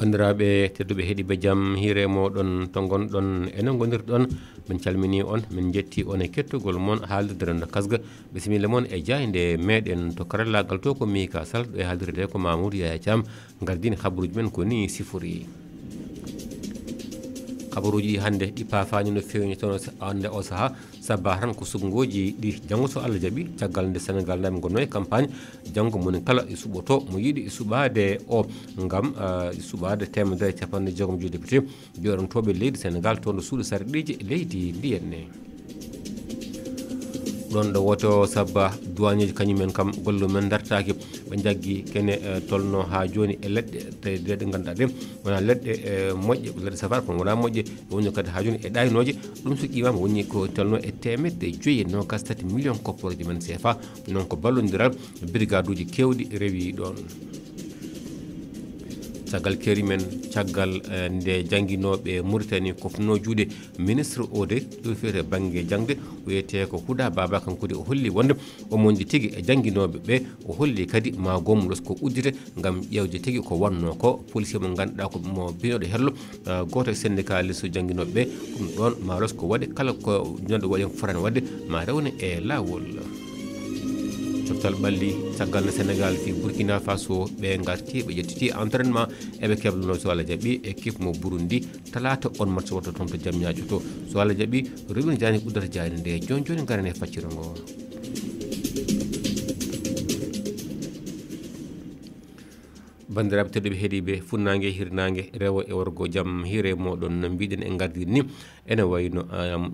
bandiraɓe tedduɓe heeɗiɓe jaam hiire moɗon to gonɗon ene gonirɗon min calmini on min jetti on e kettugol moon haalirde rendo kasga bisimilla moon e jaynde meɗen to karallagal to ko mika sal ɗo e haalirde nde ko mamoudou yaya thiam gardine habaruji men koni sifori habaruji ɗi hannde ɗi paafani no fewni toon ande o saaha sabba tan ko sugungoji ɗi janngo so allah jaaɓi caggal nde sénégal nami gonno e campagne janngo moni kala e suɓoto mo yiiɗi e suɓade o ngam eh, e suɓade temedere e capanɗe jeegom jo député joɗantoɓe leydi sénégal toon to suuɗa sarɗiji e leydi ndiyenne ɗon ɗo woto sabba duwani ji kañumen kam gollumen dartaki ɓe jaggui kene eh, tolno ha joni e leɗɗe tawide ɗe ganduɗa ɗe wona leɗɗe e moƴƴe leɗɗe safar kono gona moƴƴe woni kadi ha joni e ɗaynoje ɗum so ƴiwama woni ko tolno e temedde joyi nogas tati million coppore ji men cfa noon ko ballodiral brigade uji kewɗi rewi ɗon caggal keri men caggal eh, nde jangguinoɓe mauritani kofno juuɗe ministre ode ɗo fiyete banggue jangde wiyete ko huuda baba kankudi o holli wonde omonji tigui e jangguinoɓe ɓe o holli kadi ma gom losko uddite gam ƴewde tigui ko wanno ko policier mo ganduɗa ko mo binoɗo herlo eh, goto e syndicat lesso jangguinoɓe ɗum ɗon ma losko waɗe kala ko ñoɗo waɗi foran wadde ma rewne e lawol voilà. coftal ɓalli caggal no sénégal fi burkina faso ɓe garti ɓe ƴettiti entraînement eɓe keblano so allah jaɓi équipe mo burundi talata on mat sowonto toon to jamñaji to so allah jaɓi rewin diani ɓuddata jaari nde joni joni garane facciro ngo bandiraɓe tedduɓe heeɗiɓe funnague hirnague rewo e worgo jaam hiire moɗon mbiɗen e gardin ni ene wayno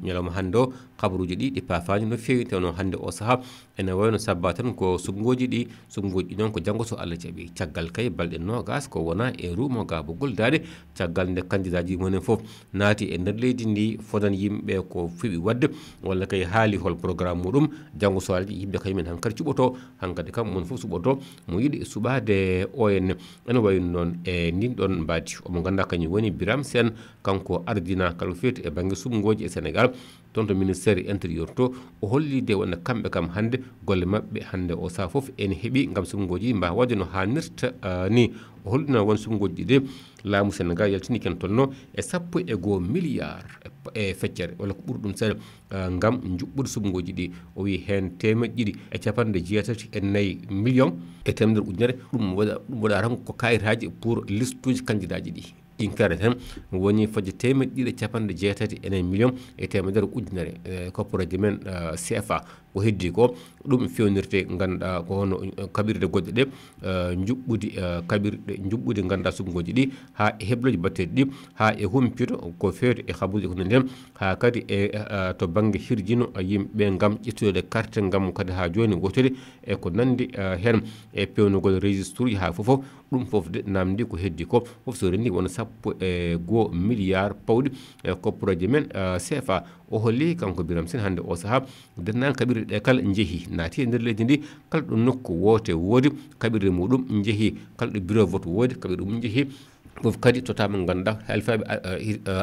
ñalawma hande o kabaruji ɗi ɗi paafani no fewi tewno hande o saaha ene wayno sabba tan ko sugungoji ɗi sugungoji ɗi noon ko janngo so allah jaɓi caggal kay balɗe nogas ko wona e ruumo ga bo goldade caggal nde kandidat ji mumen fof naati e nder leydi ndi fodan yimɓe ko fuɓi wadde walla kay haali hol programme muɗum janngo so alaji yimɓe kay men hankkadi cuɓoto hankkadi kam mon fof suɓoto mo yiɗi suɓade on ene wayno noon e ndin ɗon mbadi omo ganduɗa kañum woni biram sen kanko ardina kala fewti e bangge sugungoji e sénégal toon to ministére intérieur to o hollide wonde kamɓe kam hannde golle maɓɓe hannde o saha fof en heɓi gam sumgoji mba wadde no hannirta ni o holɗina won sumgoji ɗi laamu sénégal yaltini ken tolno e sappo e goho milliard e, e feccere walla ko ɓuri ɗum seeɗa gam juɓɓude sumgoji ɗi o wi hen temeƴ ɗiɗi e capanɗe jeetati e nayyi million e temedere ujunere ɗum waɗa ɗum waɗa tan ko kayitaji pour liste uji candidat ji ɗi ɗin kare tan woni fodde temeƴ ɗiɗi capanɗe jeetati enayyi million e temedere ujunere e coporaji men cfa ko heddi ko ɗum fewnirte ganduɗa ko hono eh, kaɓirɗe goƴƴe ɗe eh, juɓɓudi eh, kaɓirɗe juɓɓudi ganduɗa sugugoji ɗi ha e hebloji batteɗi ɗi ha e humpito ko fewte e habuji kono e nden ha kadi e to banggue hirjino yimɓe gam ƴettude carte gam kadi ha joni wotori e ko nandi hen e pewnugol registre uji ha fofo ɗum foof de namdi ko heddi ko foof so rendi wona sappo e goho milliard pawɗi e ko projet men cfa o holli kanko biram sen hande o saaha dennaga kaɓirɗe kabirɗe kala jeehi naati e nder leydi ndi kala ɗo nokku woote woodi kaɓirɗe muɗum jeehi kala ɗo bureau vote woodi kaɓirɗe mum jeehi fof kadi totama ganda halfaɓe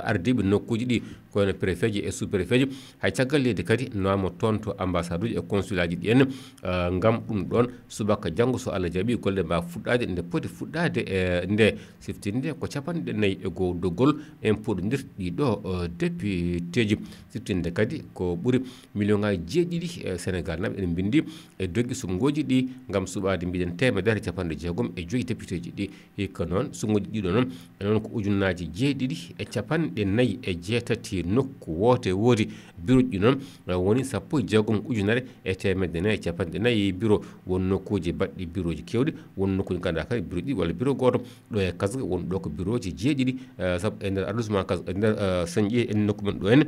ardiɓe nokkuji ɗi koyno préfet ji e sous préfet ji hay caggal leydi kadi nawama toon to ambassade uji e consulat ji ɗienne euh, gam ɗum ɗon subaka janggo so allah jaaɓi golle mba fuɗɗade nde poti fuɗɗade e nde siftinde ko capanɗe nayyi e goho doggol en poɗodirta ɗiɗo euh, députéji siftinde kadi ko ɓuuri million ngaji jeeɗiɗi e sénégal naɓe eɗen bindi e doggi sumgoji ɗi gam suɓade mbiɗen temedere e capanɗe jeegom e joyi député ji ɗi hikka noon sumgoji ɗiɗo noon e noon ko ujunnaji jeeɗiɗi e capanɗe nayyi e jeetati nokku woote woodi bureau ji noon eh, woni sappo e jeegom ujunere e temedde nayi e capanɗe nayi bureau won nokkuji baɗɗi bureau ji kewɗi won nokkuji ganduɗa kadi bureau ɗiɗi walla bureau goto ɗo e kasga won ɗo ko bureau ji jeeɗiɗi eh, saabu e nder arrondissement kas e nder eh, sañƴie en nokku men ɗo henne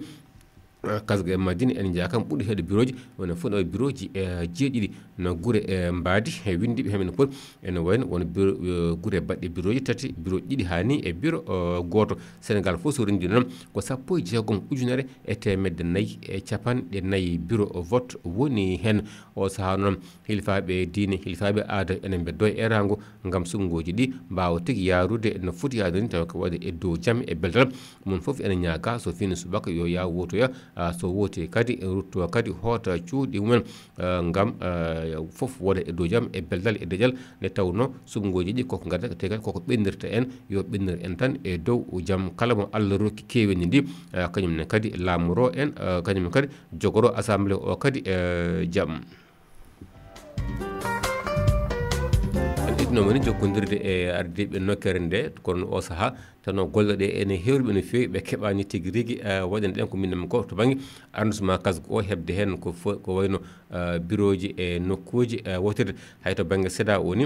kasga e madine en jakam ɓuuri hede bureau ji wona fof ne wawi bureau ji e jeeɗiɗi no guure e mbadi e windiɓe hemen pooti ene wayno wona e, guure baɗɗe bureau ji tati bureau ɗiɗi ha ni e bureau e, goto sénégal fof so rendi noon ko sappo e jeegom ujunere e temedde nayyi e capanɗe nayyi bureau vote woni hen o saaha noon hilifaɓe diine hilifaɓe aada enen mbeddo e rango gam sugungoji ɗi mbawa tigui yarude no footi yadoni tawa ko waɗa e dow jaam e beldal mum foof ene ñaga so fini subaka yo yaw wotoya so woti kadi ruttu kadi hoota cuuɗi mumen ngam fof woda e dow jaam e beldal e dejal nde tawno sumgoji ɗi koko gaddatekadi koko ɓennirta en yo ɓennir en tan e dow jaam kala mo allah rokki kewini ndi kañumne kadi laamoro en kañumne kadi jogoro assemblé o kadi e jaam ɗinomoni jokkodirde e ardiɓe nokkere nde kono o saaha tan golle ɗe ene heewriɓe no feewi ɓe keɓani tigi rigui waɗen ɗen ko minne ko to banggue arrondissement kasgo o hebde hen ko ko wayno bureau ji e nokkuji wotirde hay to banggue séda woni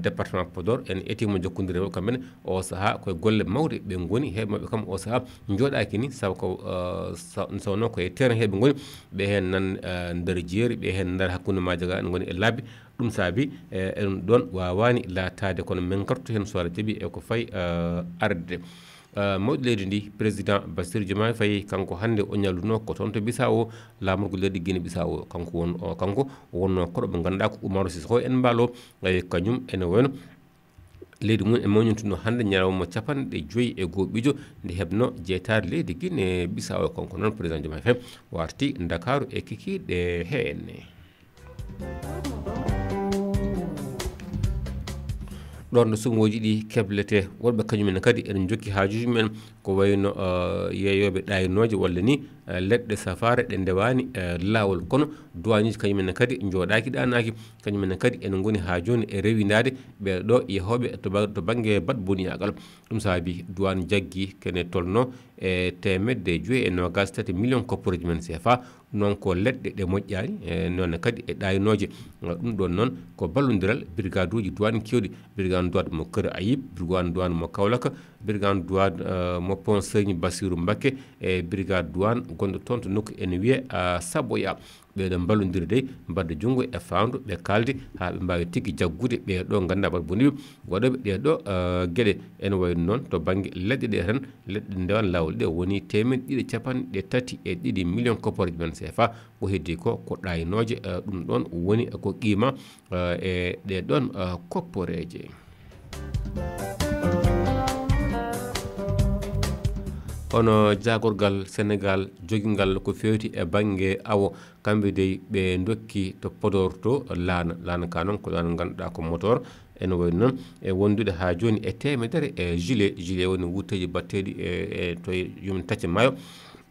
département podor en etimo jokkodire o kamɓene o saaha koye golle mawɗe ɓe goni heɓmaɓe kam o saaha jooɗaki ni saabu ko sowno koye terrain heɓe goni ɓe hen nan nder jeeri ɓe hen nder hakkude majaga ne goni e labbe ɗum saabi eɗen ɗon wawani latade kono min kartu hen so Allah jaaɓi eko fayi arde euh, mawɗi leydi ndi président basir jomay faye kanko hannde o ñalluno ko toon to bisa o laamurgo leydi guine bisa o kanko won euh, kanko wonno koɗo ɓe ngannduɗa ko oumaro sisoko en mbaalo ay kañum ene wayno leydi mum e mawñontino hannde ñalawma capanɗe joyi e goho ɓiijo nde heɓno jeytade leydi guine bisa o e kanko noon président jomay faye warti dakaru e kikiɗe heenne ɗon no sumoji ɗi keblete wonɓe kañumen kadi eɗen jokki hajuji men ko wayno uh, yeeyoɓe ɗaynoje walla ni uh, leɗɗe safare ɗe ndewani uh, lawol kono duwaniji kañumenne kadi joɗaki ɗanaki kañumenne kadi ene goni ha joni e rewidade ɓeɗo yeehoɓe to, to banggue bat boniyagal ɗum saabi duwani jaggi kene tolno e temedde joyi e nogas tati million copporeji men cfa non ko leɗɗe ɗe moƴƴani e nonne kadi e ɗaynoje ɗum ɗon noon ko ballodiral brigade uji duwani kewɗi brigade duwan mo keur ayib brigade duwan mo kawlaka brigade douane uh, mo pon seygni bassirou mbacke e brigade douane gonɗo toon to nokku ene wiye uh, saboya ɓeɗo ballodiri de mbadde junngo e fandu ɓe kaldi ha ɓe mbawi tigui jaggude ɓeɗo ganduɗa baɗa boniɓe waɗoɓe ɗeɗo uh, gueɗe ene wayno noon to banggue leɗɗe ɗe tan leɗɗe ndewan lawol ɗe woni temen ɗiɗi capanɗe tati e ɗiɗi million coporeji men cfa ko heddi ko ko ɗaynoje euh, ɗum uh, ɗon woni ko qima uh, e ɗeɗon uh, copporeje hono jagorgal sénégal joguigal ko fewti e banggue awo kamɓe dey ɓe dokki to podor to laana laana ka noon ko laana ganduɗa ko motor ene wayni noon e wondude ha joni e temedere e gilet gilet woni wutteji batteɗi e, e to yum tacce maayo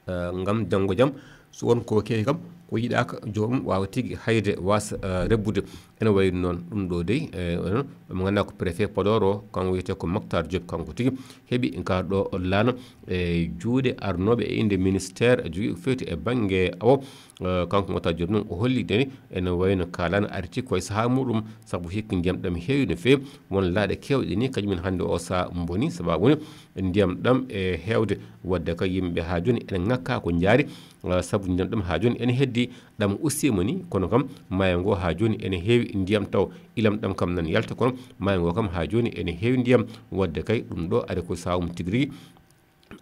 eh, gam janggo jaam so wonko keewi kam ko yiiɗaka jomum wawa tigui hayde wasa eh, rebbude ene wayri noon ɗum ɗo dey e, mo ganduɗa ko préfet podor o kanko wiyete ko moctar diop kanko tigui heeɓi kar ɗo laana e juuɗe arnoɓe e inde ministére jogui ko fewti e banggue awo e, kanko gota joni noon o hollidani ene wayno kalano arti koye saaha muɗum saabu hikki ndiyam ɗam heewi no fewi won laaɗe kewɗe ni kañumen hannde o saaha booni sababuni ndiyam ɗam e hewde wadde ka yimɓe ha joni ene ngakka ko jaari e, saabu ndiyam ɗam ha joni ene heddi ɗam ustimo ni kono kam maayo ngo ha joni ene heewi heewi ndiyam taw ilam ɗam kam nan yalta kono maya go kam ha joni ene heewi ndiyam wadde kay ɗum ɗo ari ko sawum tigi rigui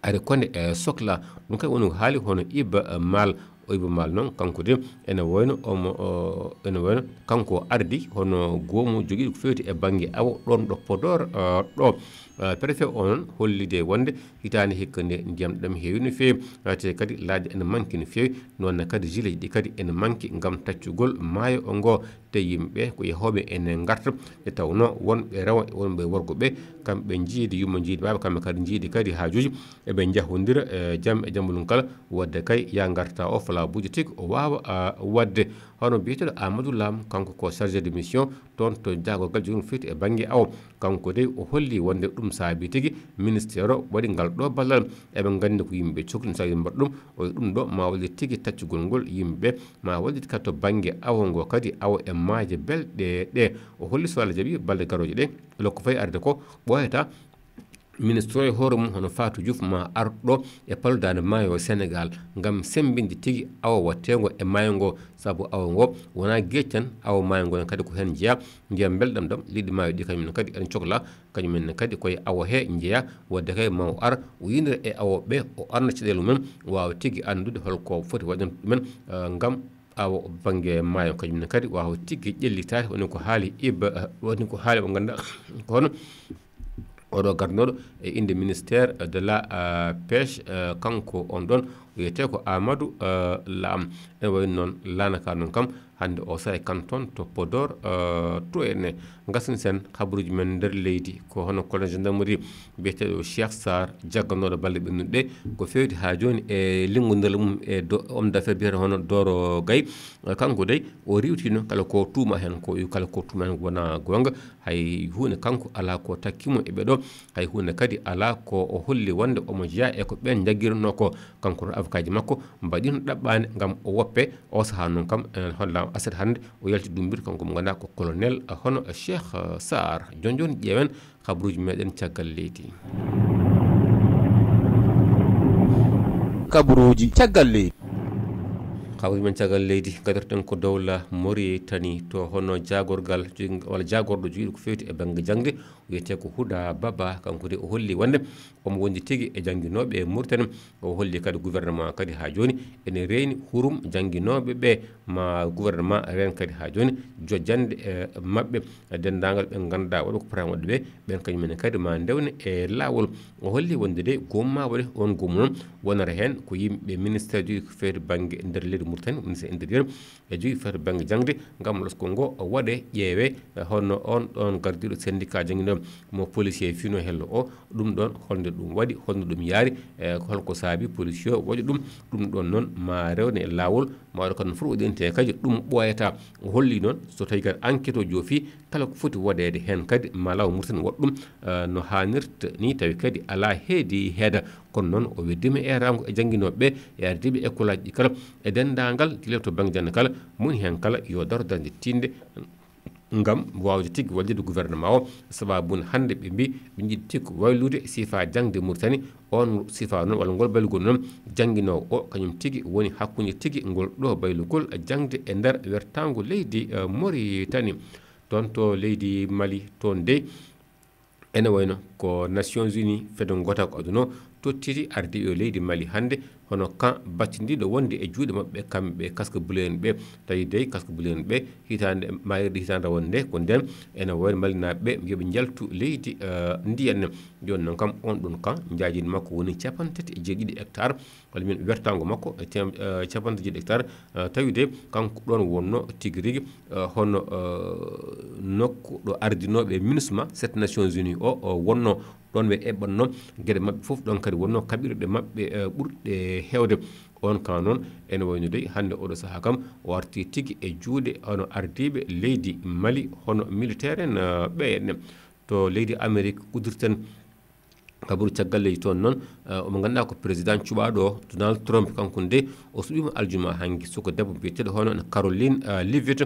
ari konde e sohla ɗum kay woni haali hono ibba e, maal o ibba maal noon kanko de ene wayno omo ene wayno kanko ardi hono goomu joguiɗi ko fewti e banggue awa ɗon ɗo podor e, ɗo uh, Euh, prefet on hollide wonde hitani hikka nde ndiyam ɗam heewi no feewi te kadi laaji ene manki no feewi nonne kadi gileji ɗi kadi ene manki gam taccugol maayo o ngo te yimɓeɓe ko yahoɓe ene garta nde tawno wonɓe rewa wonɓe worgo ɓe kamɓe jiidi yumma jiidi baɓe kamɓe kadi jiidi kadi hajuji eɓe jahodira jaam e, e jambalum kala wadde kay ya garta o fala bujo tigi o wawa wadde hono mbiyeteɗo amadou lam kanko ko chargé de mission toon to jaagogal jogimo firti e banggue awo kanko dey o holli wonde ɗum saabi tigui ministére o waɗi ngal ɗo ballal eɓe gandi ko yimɓeɓe cohli no sawi mbaɗa ɗum o ɗum ɗo ma wallit tigui taccugol ngol yimɓeɓe ma wallit kadi to banggue awo ngo kadi awo e maaje belɗe ɗe o holli so allah jaaɓi balle garoje ɗe lokko fayi arde ko ɓoyata ministre e hoore mum hono fatou diouf ma arɗo e palludade maayo e sénégal gam sembinde tigui awa wattego e maayo ngo saabu awa ngo wona gueeci tan awa maayo ngo ne kadi ko hen jeeya jiya belɗam ɗam liɗɗi maayo ɗi kañumne kadi eɗen cohla kañumenne kadi koye awa he jeeya wadde kay ma e o ara o yinira e awoɓe o arna caɗele mumen wawa tigui andude holko foti waɗen ɗumen euh, gam awa bangue maayo kañumne kadi wawa tigui ƴellitade woni ko haali iba euh, woni ko haali mo ganduɗa kono oɗo garnoɗo e inde ministère de la euh, pêche euh, kanko on wiyete ko amadou uh, lam ene wayi noon lanaka noon kam hande o saye canton to podor uh, to ene gasin sen habaruji men nder leydi ko hono colonel gendarmerie biyeteɗo cheikh sar jagganoɗo balle ɓennuɗe ko fewti ha joni e liggodal mum e homme d' affaire biyete hono doro gay euh, kanko dey o riwtino kala ko tuuma hen ko kala ko tuuma hen wona gonga hay hunde kanko ala ko takkimo e ɓeɗo hay hunde kadi ala ko o holli wonde omo jeeya e ko ɓen jagguirno ko kanko avocat ji makko mbaɗino ɗaɓɓani gam o woppe o saaha noon kam en hollama aset hannde o yalti dumbir kanko mo ganda ko colonel hono cheikh sar jon joni ƴeewen habaruji meɗen caggal leydi kabaruji caggal leydi kawri men caggal leydi gadorten ko dowla mori tani to hono jagorgal walla jagorɗo jogiɗo ko fewti e banggue jangde wiyete ko huuɗa baba kankode o holli wonde omo wondi tigui e jangguinoɓe mauritani o holli kadi gouvernement kadi ha joni ene reeni hurum jangguinoɓeɓe ma gouvernement ren kadi ha joni jojjande e mabɓe dendagal ɓe ganduɗa waɗo ko pran waɗɗeɓe ɓen kañumene kadi ma dewne e lawol o holli wonde de gomma waɗe on gomu noon wonata hen ko yimɓe ministére jogui ko fewti banggue e nder leydi Mauritanie ministére intérieur e jogui fete banggue jangde gam lorsque ngo waɗe ƴeewe holno on ɗon gardiɗo syndicat jangguinoɗo mo policier fino hello o ɗum ɗon holde ɗum waɗi holno ɗum yaari e holko saabi policier o waɗi ɗum ɗum ɗon noon ma rewne e lawol ma waɗa kono foti waɗidente kadi ɗum ɓoyata holli noon so tawi kadi enquête o joofi kala ko foti waɗede hen kadi ma law mauritanie waɗa ɗum e no hannirta ni tawi kadi ala heedi heeda kono noon o weddima e rango e jangguinoɓeɓe e ardiɓe écolaji e ɗi kala e dendagal gilel to banggue janna kala moni hen kala yo daro dañde tinde gam wawde tigui wallide gouvernement o sababude hande ɓe mbi ɓe jiɗi tigki waylude sifa jangde mouritani on sifa noon walla ngol baylugol noon jangguinowo o kañum tigui woni hakkude tigui ngol ɗo baylugol jangde e nder wertago leydi e mauritani toon to leydi mali toon dey ene wayno ko nations unis fedo gota ko aduna tottiri ardi e leydi mali hannde hono kan battidiɗo wonde e juuɗe maɓɓe kamɓe kaske bule'en ɓe tawi dey kaske bule'en ɓe hitande mayirɗe hitande wonde ko nden ene wayno malinaɓeɓe yooɓe jaltu leydi eh, ndiyanne joni noon kam on ɗon kan jaajin makko woni capantati e jeeɗiɗi hectare walla min wertago makko e eh, capantati e jeeɗi hectare eh, tawi de kanko ɗon wonno tigi rigui hono nokku ɗo ardinoɓe e minusma cette nations unis o wonno ɗon ɓe eɓɓatno gueɗe mabɓe foof ɗon kadi wonno kaɓirɗe mabɓe e, ɓurɗe hewde on kan noon ene wayno dey hande oɗo saaha kam o arti tigui e juuɗe hono ardiɓe leydi mali hono militaire en e, ɓeyenne to leydi amérique udditen kabaru caggal leydi toon noon eh, omo ganduɗa ko président cuɓaɗo donald trump kanko nde o suɓima aljuma hanggi soko debbo mbiyeteɗo hono no caroline uh, livit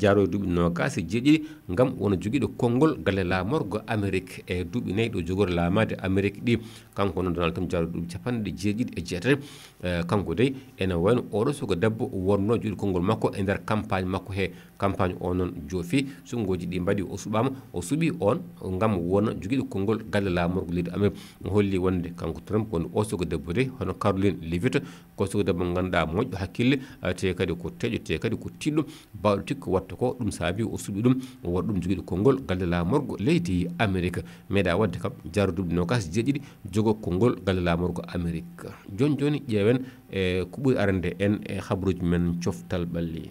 jaroye duuɓi nogas e jeeɗiɗi gam wona joguiɗo konngol galle lamorgo amérique e duuɓi nayyi ɗo jogori lamade amérique ɗi kanko noon donald trump jaroye duuɓi capanɗe jeeɗiɗi e jeetati eh, kanko dey ene wayno oɗo soko debbo wonno joguiɗo konngol makko e nder campagne makko he campagne o noon joofi sungoji ɗi mbaɗi o suɓama o suuɓi on gam wona joguiɗo konngol galle lamorgo leydi amérique o holli wonde kanko trump woni o sogo debbo de hono caroline levit ko sogo debbo ganduɗa moƴƴo hakkille eh, te kadi ko teƴo te kadi ko tiɗɗum bawɗo tikko watta ko ɗum saabi o suuɓi ɗum o waɗa ɗum joguiɗo konngol galle lamorgo leydi amérique meeɗa wadde kam jarduɗe nogas jeeɗiɗi jogo konngol galle lamorgo amérique joni joni ƴeewen e ko ɓuuri arande en e habruji men coftal ɓalli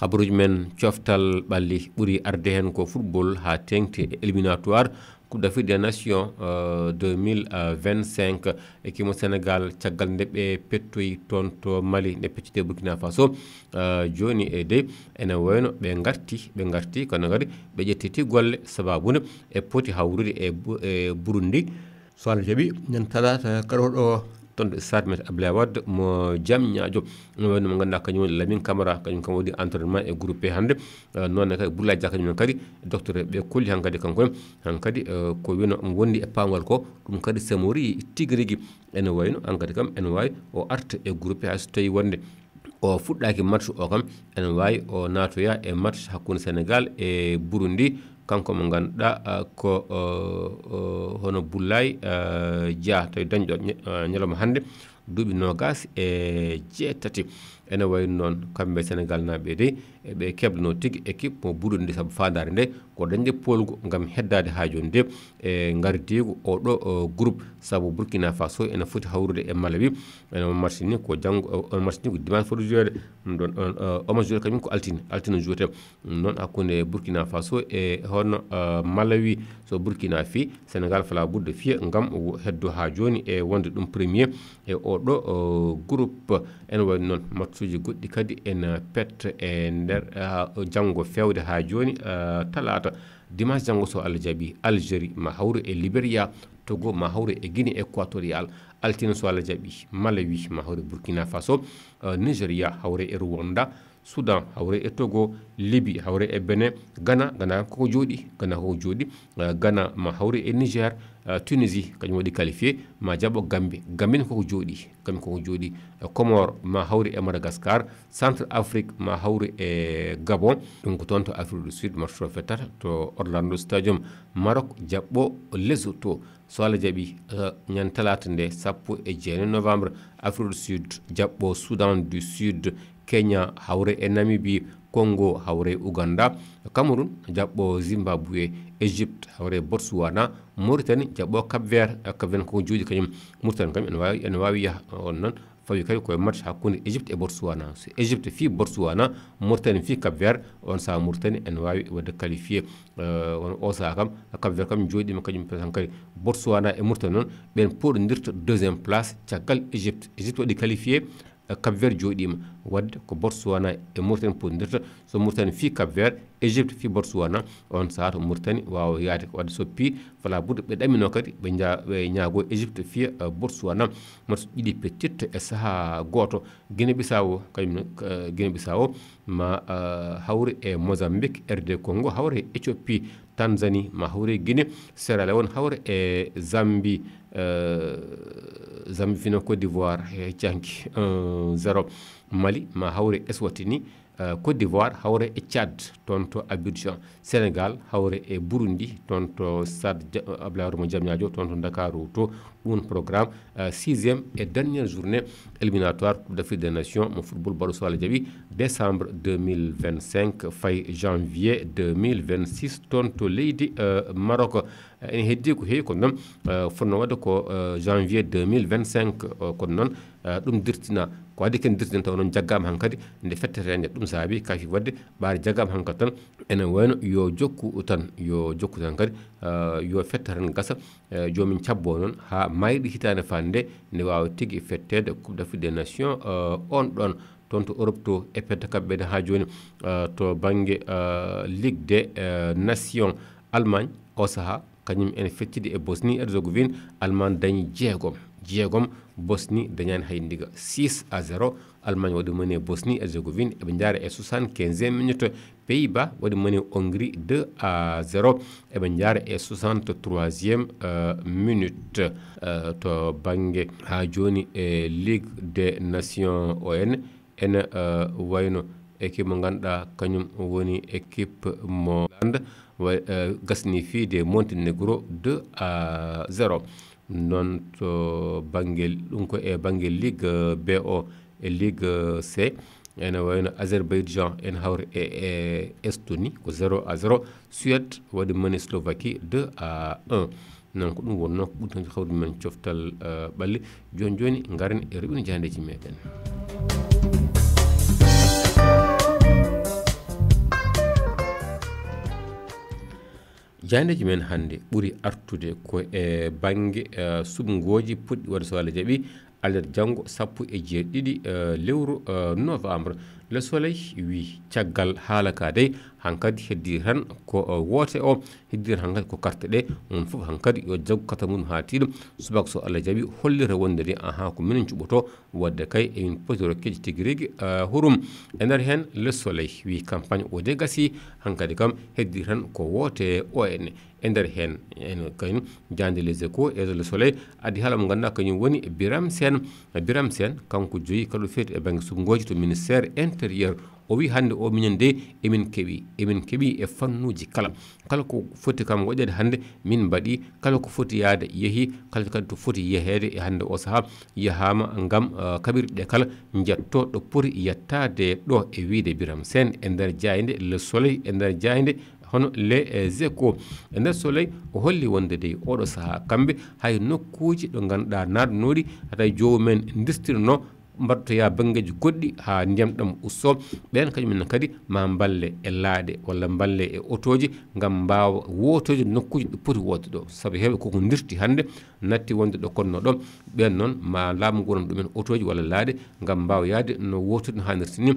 habaruji men coftal ɓalli ɓuri arde hen ko football ha tengti e éliminatoire coupe d' afrique des nations uh, 2025 ekimo sénégal caggal nde ɓe pettoyi toon to mali nde peccite burkina faso uh, joni e dey ene wayno ɓe garti ɓe garti kono kadi ɓe ƴettiti golle sababude e poti hawrude e, e burundi so allah jaaɓi ñantalata karoɗo toon ɗo sarmet abla wadde mo jam ñaajo wonno mo ngannduɗa kañum woni lamin camara kañum kam waɗi entraînement e groupe p hannde noonne kadi bourlaji ja kañumen kadi docteur ɓe kolli han kadi kanko en han kadi e, ko wino wondi e pangol ko ɗum kadi semori tigi rigui ene wayno an kadi kam ene wawi o arta e groupe hayso tawi wonde o fuɗɗaki match o kam ene wawi o natoya e match hakkude sénégal e burundi kanko mo ganduɗa ko hono bullay dia tawi dañɗo ñalawma hannde duuɓi nogas e jeettati ene wayni noon kamɓe sénégal naaɓe dey E ɓe keɓno tigui équipe mo ɓuurunde saabu fandare nde ko dañde poolgo gam heddade ha joni nde e gardigo oɗo e groupe saabu burkina faso ene foti hawrude e malawi ene marsini ko janggo on marsini ko dimane foti joueur ɗum ɗon on e, oma joueur kañum ko altine altine joueurte non hakkude burkina faso e hono malawi so burkina fi sénégal fala ɓurde fiya gam heddo ha joni e wonde ɗum premier e oɗo groupe ene wayni noon matsuji goɗɗi kadi ene pette e nde nder uh, janngo fewde haa jooni uh, eh, talata dimanche janngo so allah jaɓi algérie ma hawre e libéria togo ma hawre e guinée équatorial altine so allah jaɓi malawi ma hawre burkina faso uh, nigéria hawre e rwanda soudan hawre e togo liby hawre e bene gana gana koko jooɗi gana koko jooɗi euh, gana ma hawre e niger euh, tunisie kañum waɗi qualifié ma jaɓo gambe gambin koko jooɗi gambe koko jooɗi euh, comore ma hawre e madagascar centre afrique ma hawre e gabon ɗum ko toon to afrique du sud martoto fettata to orlando stadium maroc jaɓɓo lesoto so allah jaaɓi ñande talata nde sappo e jeene novembre afrique du sud jaɓɓo soudan du sud kenya hawre e namibi congo hawre uganda cameron jabbo zimbabwe egypt hawre botswana mauritani jabbo cap vert cap vert ko juuɗi kañum mauritani kam en wawi en wawi yaha on non fawi kadi koye match hakkude égypte e botswana so égypte fi botswana mauritani fi cap vert on saha mauritani en wawi wadde qualifié on o saha kam cap vert kam jooɗima kañum pesan kadi botswana e mauritani noon ɓen poɗodirta deuxiéme place caggal égypte égypte waɗi qualifié cap vert joɗima wadde ko botswana e mauritanie podirta so mauritanie fi cap vert égypte fi botswana on saaha to mauritanie wawa yaade wadde soppi voilà ɓurɗe ɓe ɗamino kadi ɓe ɓe ñaago égypte fiya botswana mata so ɗiɗi pettitta e saaha goto guine bisawo kañumne guine bisawo ma hawre e mozambique rd congo hawre e éthiopie tanzanie ma hawre guine sierra leone hawre e zambie Euh, Zamfino Côte d'Ivoire e 1 0 Mali ma eswatini euh, côte d'ivoire hawre e tchad Tonto abidjan sénégal hawre Et burundi Tonto Sad Ablaur euh, ablayarumo Tonto Dakar to Un programme sixième et dernière journée éliminatoire pour le fédération des nations football baɗo so Djabi décembre 2025 fin janvier 2026 Tonto Lady maroc ene heddi ko heewi kono noon e, fonno wadde ko e, janvier 2025 e, kono noon ɗum dirtina ko wadde ken dirtiden taw noon jaggama han kadi nde fettete nde ɗum saabi kafi wadde ɓaade jaggama han kadi tan ene wayno yo jokku tan yo jokku tan kadi yo fetta tan gasa jomin cabbo noon ha mayɗi hitande fande nde nde wawa tigui fettede coupe d' afrique des nations on ɗon toon to europe to e petta kamɓeɓene ha joni to banggue ligue des nations allemagne o saaha kañum ene feccidi e bosnie herzégovine allemagne dañi jeegom jeegom bosnie dañani hay ndiga 6 à 0 allemagne waɗi mene bosnie herzégovine eɓe jaara e 75e minute pays bas waɗi mene hongrie 2 à 0 eɓe jaara e 63e uh, minute uh, to bangue ha joni e ligue des nations on ene uh, wayno équipe mo Kanyum woni équipe mo e, Gasni fi fiide monténégro 2 à 0 non to banguel ɗum ko e Bangel ligue BO o e ligue c en wayno azerbaïdjan en hawri e, e estonie ko 0 à 0 suède waɗi mani slovaquie 2 à 1 non ko ɗum wonno ko ɓuri tan men coftal balli e, joni joni garen e reɓino jahandeji meɗen jaydeji men hannde ɓuri artude ko e bange uh, e sumgoji puɗɗi wadde so allah jaaɓi alder janngo sappo e jeeɗiɗi uh, e lewru uh, novembre le soleil wi caggal haalaka dey hankkadi heddi tan ko uh, woote o heddiran hankkadi ko carte ɗe on foof hankkadi yo jaggu kata mum ha tiɗum subaka so allah jaaɓi hollira wonde ndi aha ko minen cuɓoto wadde kay emin poti rokkeji tigui rigui uh, hurum e nder hen le soleil wi campagne o de gasi hankkadi kam heddi tan ko woote o enne e nder hen en kañum jande les éco et le soleil adi haala mo ganduɗa kañum woni biram sen biram sen kanko joyi kaɗo feeti e banggue sugngoji to ministére intérieur o wi hannde o minen de emin keɓi emin keɓi e fannuji kala kala ko foti kam waɗede hannde min mbaɗi kala ko foti yaade yeehi kala kadi to foti yeheede e hannde o sahaa yahama ngam uh, kaɓirɗe kala jatto ɗo pooti yettade ɗo e wiide biram sen e nder jayde le soleil e nder jayde hono les écho e, e nder soleil o holli wonde de oɗo sahaa kamɓe hay nokkuji ɗo ngannduɗa natnoɗi hatay jomumen distirno mbattoya banggueji goɗɗi ha ndiyam ɗam usto ɓen kañumenne kadi ma balle e laaɗe walla balle e auto ji gam mbawa wotoji nokkuji ɗo pooti wodde ɗo saabu heewe koko dirti hande natti wonde ɗo konno ɗon ɓen noon ma laamu ngu ɗum ɗumen auto ji walla laaɗe gam mbawyade no wotude no hannirta eh, ni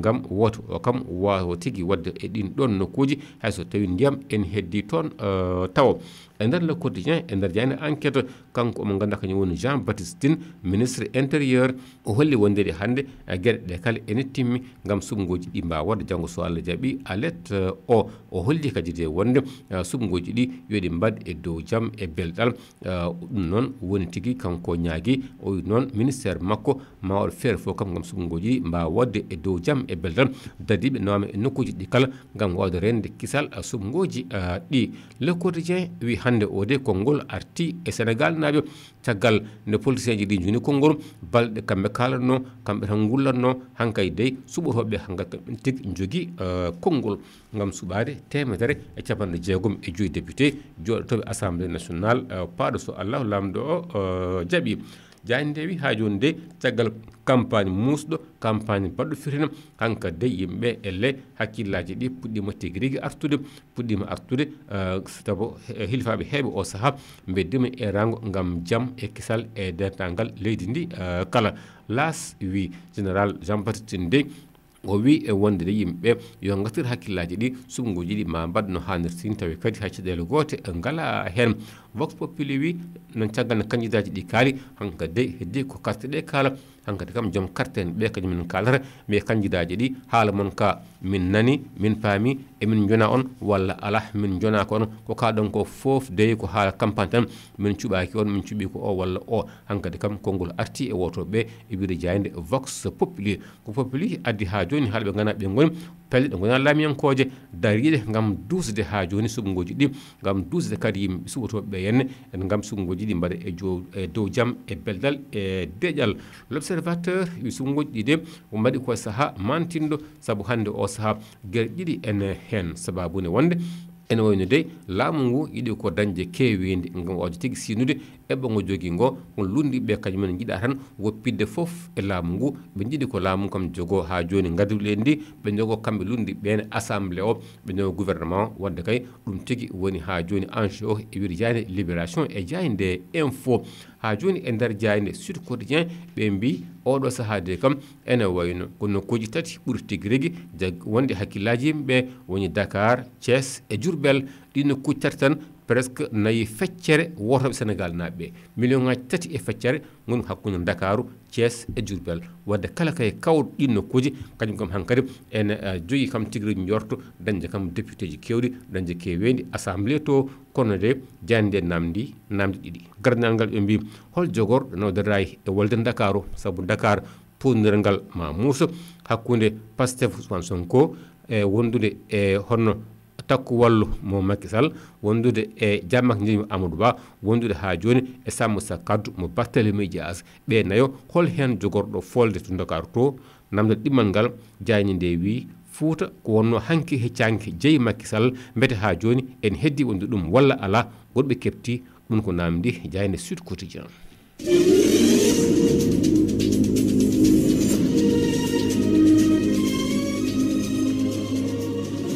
gam woto o kam wawa tigui wadde e ɗin ɗon nokkuji hayso tawi ndiyam en heddi toon eh, tawa e nder le quotidien e nder jani enquête kanko omo ganduɗa kañum woni jean baptistine ministre intérieur o holli wondede hannde e gueɗe ɗe kala ene timmi gam suɓugoji ɗi mba wadde janggo so allah jaaɓi alet eh, o o holli kadi de wonde suɓugoji ɗi yoɗi mbad e dow jaam e belɗal ɗum noon woni tigi kanko ñaagui o wi noon ministére makko mawaɗo feere fo kam gam sugugoji mbawa wadde e dow jaam e bel tan dadiɓe nowama e nokkuji ɗi kala gam wawde rende kisal sugugoji ɗi le quotidien wi hande o de konngol arti e sénégal naaɓe caggal nde politicien ji ɗi joni konngol balɗe kamɓe kalatno kamɓe tan gullatno hankay dey suɓotoɓeɓe hankay tigi jogui konngol gam suɓade temedere e capanɗe jeegom e joyi député joɗotoɓe assemblée national e paɗo so allahu lamdo o e, jaaɓi jani ndewi ha joni nde caggal campagne musɗo campagne baɗɗo firtina hankkadde yimɓeɓe elle hakkillaji ɗi puɗɗima tigui rigui artude puɗɗima artude e, so tawi hilfaɓe heeɓe o saaha beddima e rango gam jaam e kisal e dentagal leydi ndi kala las wi général jean baptiste nde o wi e eh, wonde yimɓeɓe yo gatir hakkillaji ɗi sumguji ɗi ma mbaɗno hanirtintawe kadi hay caɗele gote ngala hen vox populi wi non caggal no candidat ji ɗi kaali hanka de heddi ko carte ɗe kaala hankkadi kam joom carte en ɓe kañummin kaalata mais candidat ji ɗi haala moon ka min nani min paami emin jona on walla ala min jonaka on ko kaa ɗon ko foof deyi ko haala campagne tan min cuɓaki on min cuɓi ko o walla o hankkadi kam konngol arti e wotoɓe e wiide jayde vox populi ko populi addi ha joni haala ɓe gana ɓe goni pelle ɗe gonani lamiyankoje dariɗe gam dusde ha joni suɓugoji ɗi gam dusde kadi yimɓe suɓotoɓeɓe henna en gam suɓugoji ɗi mbaɗa e, e dow jaam e beldal e deƴal l' observateur wi suɓugoji ɗi de o mbaɗi ko saaha mantinɗo saabu hande o saaha guere ɗiɗi ene hen sababune wonde ene wayno de laamu ngu yiiɗi ko dañde keewede gam wawde tigui sinude eɓogo jogui ngo on lundiɓe kañumen jiiɗa tan woppidde foof e laamu ngu ɓe jiiɗi ko laamu kam jogo ha joni gadirɗen ndi ɓe jogo kamɓe lundiɓeene assemblé o ɓe jogo gouvernement wadde kay ɗum tigui woni ha joni ange o e wirjani libération e jayde info ha joni e nder jayde sud quotidien ɓe mbi oɗo saaha de kam ene wayno kono kuji tati ɓuuri tigi rigui jag wonde hakkillaji yimɓeɓe woni dakar thies e jurbel ɗino kuccata tan presque nayi feccere wotoɓe sénégal naɓeɓe million ngaji tati e feccere goni hakkude dakaru thies e jurbel wadde kala kay kawɗo ɗinno kuji kañum kam hankkadi ene uh, eh, jogui kam tiguirigui jorto dañde kam député ji kewɗi dañde kewedi assemblée to kono de jandi e namdi namdi ɗiɗi gardinal ngal ɓe mbi hol jogorɗo nawderay e wolde dakaru saabu dakar pudodiral ngal ma mouso hakkude pastef ousmane sonko e wondude e honno takku wallu mo makisal wondude e jammak jeymi amadou ba wondude ha joni e samma sakkaddu mo bartalemi dias ɓe nayo hol hen jogorɗo folde to dakar to namde ɗimmal ngal jayni nde wi fouta ko wonno hanki heccaki jeeyi makisal beete ha joni en heddi wonde ɗum walla ala goɗɓe kepti ɗum ko namdi jayne sud quotidien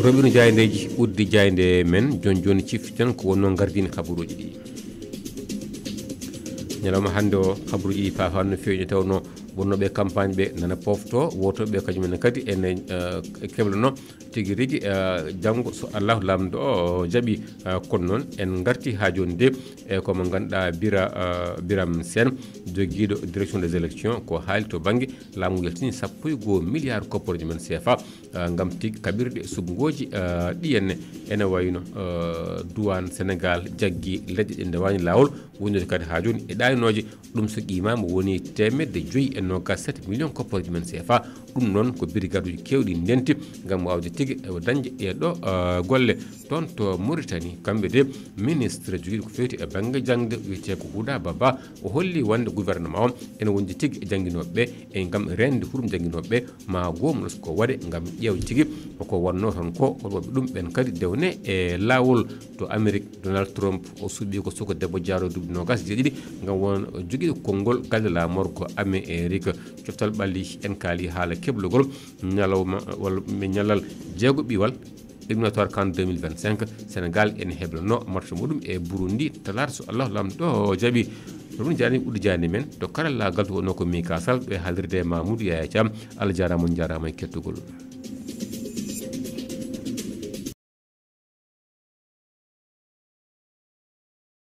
robinu jayndeji uddi jaynde men joni joni ciftiton ko wonno gardini kabaruji ɗi ñalawma hannde o kabaruji ɗi pafani no fewi tawno wonnoɓe campagne ɓe nana pofto wotoɓe kañumenne kadi ene eh, keblano tigi rigui uh, e, janggo so allahu lamdo o jaaɓi uh, e, kono noon en garti ha joni de e komo ganduɗa bira uh, biram sen joguiɗo direction des élections ko haali to banggue laamu yaltini sappo e goho milliard copporji men cfa uh, gam tigui kaɓirɗe sugugoji uh, ɗiyenne ene wayno uh, duwan sénégal jaggui leƴƴe ɗe ndewani lawol wonide kadi ha joni e ɗaninoje ɗum so qimama woni temedde joyyi e nogas 7 million copporji men cfa ɗum noon ko birigade uji kewɗi ndenti gam wawde tigi tigi e dañde ɗeɗo golle toon to mauritanie kamɓe de ministre joguiɗi ko feeti e banggue jangde wiyete ko huuda baba o holli wonde gouvernement o ena wonji tigui e jangguinoɓeɓe e gam rende hurum jangguinoɓeɓe ma gomnos ko waɗe gam ƴeew tigui ko wonno toon ko holwoɓe ɗum ɓen kadi dewne e lawol to amérique donald trump o suuɓi ko soko debbo jaro duuɓi nogas jeeɗiɗi gam won joguiɗo konngol galle lamorgo amérique coftal ɓalli en kaali haala keblogol ñalawma walla ñalal jeego ɓiwal éliminatoire kan 2025 sénégal ene heblano match muɗum e burundi talata so allahu lamɗo ɗo jaaɓi ɗum jani ɓuuri jani men to karallagal to wonno ko mikasal ɓe haalirde mamoudou yaya thiam allah jarama on jarama e kettugol